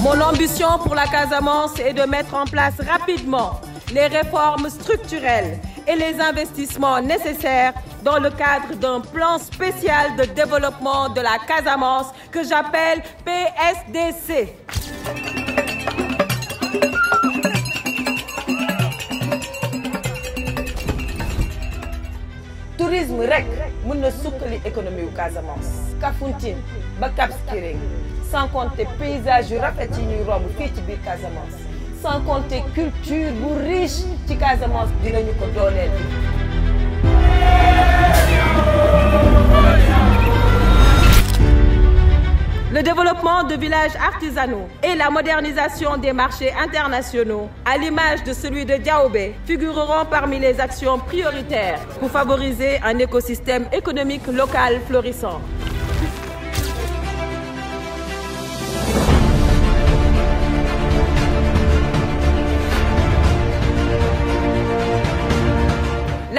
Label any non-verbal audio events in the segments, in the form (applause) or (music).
Mon ambition pour la Casamance est de mettre en place rapidement les réformes structurelles et les investissements nécessaires dans le cadre d'un plan spécial de développement de la Casamance que j'appelle PSDC. mun na sukkali économie wu Casamance. Kafountine ba Cap sans compter paysage yu rafet ci ñuy romb fii ci biir Casamance sans compter culture bu riche ci Casamance dinañu ko dooleel. le développement de villages artisanaux et la modernisation des marchés internationaux, à l'image de celui de Diaobé, figureront parmi les actions prioritaires pour favoriser un écosystème économique local florissant.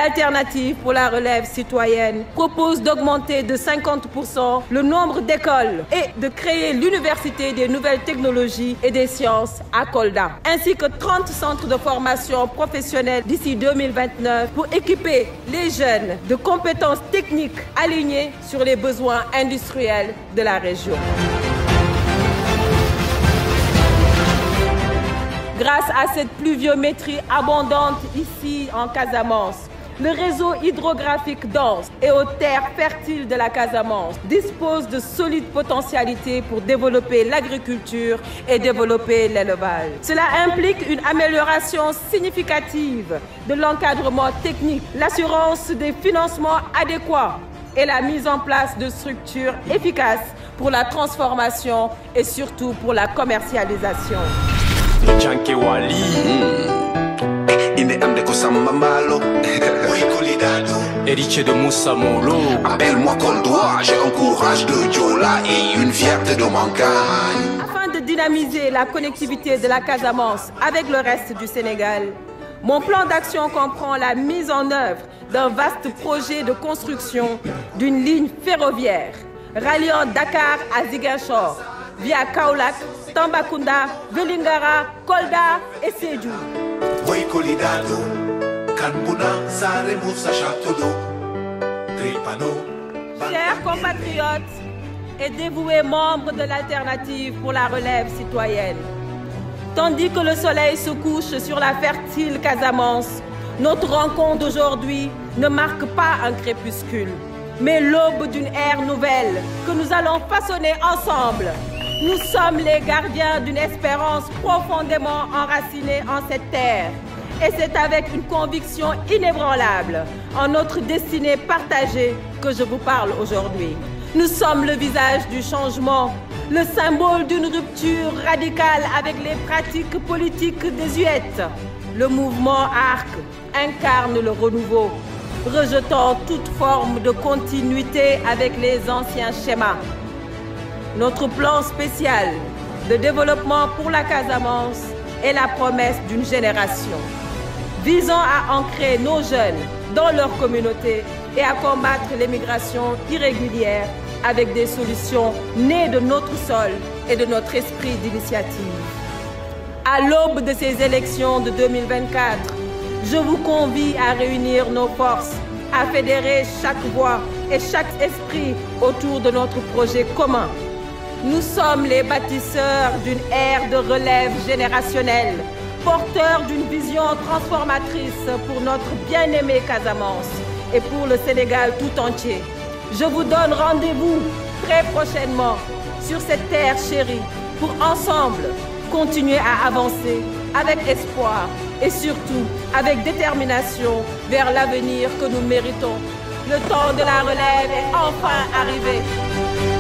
Alternative pour la relève citoyenne propose d'augmenter de 50% le nombre d'écoles et de créer l'université des nouvelles technologies et des sciences à Kolda, ainsi que 30 centres de formation professionnelle d'ici 2029 pour équiper les jeunes de compétences techniques alignées sur les besoins industriels de la région. Grâce à cette pluviométrie abondante ici en Casamance, le réseau hydrographique dense et aux terres fertiles de la Casamance dispose de solides potentialités pour développer l'agriculture et développer l'élevage. Cela implique une amélioration significative de l'encadrement technique, l'assurance des financements adéquats et la mise en place de structures efficaces pour la transformation et surtout pour la commercialisation. (laughs) de Moussa Molo Appelle-moi j'ai un courage de Diola et une fierté de Afin de dynamiser la connectivité de la Casamance avec le reste du Sénégal, mon plan d'action comprend la mise en œuvre d'un vaste projet de construction d'une ligne ferroviaire ralliant Dakar à Ziguinchor via Kaolack, Tambacounda, Velingara, Kolda et Sédhiou. Chers compatriotes et dévoués membres de l'alternative pour la relève citoyenne, tandis que le soleil se couche sur la fertile Casamance, notre rencontre d'aujourd'hui ne marque pas un crépuscule, mais l'aube d'une ère nouvelle que nous allons façonner ensemble. Nous sommes les gardiens d'une espérance profondément enracinée en cette terre. Et c'est avec une conviction inébranlable en notre destinée partagée que je vous parle aujourd'hui. Nous sommes le visage du changement, le symbole d'une rupture radicale avec les pratiques politiques désuètes. Le mouvement ARC incarne le renouveau, rejetant toute forme de continuité avec les anciens schémas. Notre plan spécial de développement pour la Casamance est la promesse d'une génération visant à ancrer nos jeunes dans leur communauté et à combattre l'émigration irrégulière avec des solutions nées de notre sol et de notre esprit d'initiative. À l'aube de ces élections de 2024, je vous convie à réunir nos forces, à fédérer chaque voix et chaque esprit autour de notre projet commun. Nous sommes les bâtisseurs d'une ère de relève générationnelle porteur d'une vision transformatrice pour notre bien-aimé Casamance et pour le Sénégal tout entier. Je vous donne rendez-vous très prochainement sur cette terre chérie pour ensemble continuer à avancer avec espoir et surtout avec détermination vers l'avenir que nous méritons. Le temps de la relève est enfin arrivé.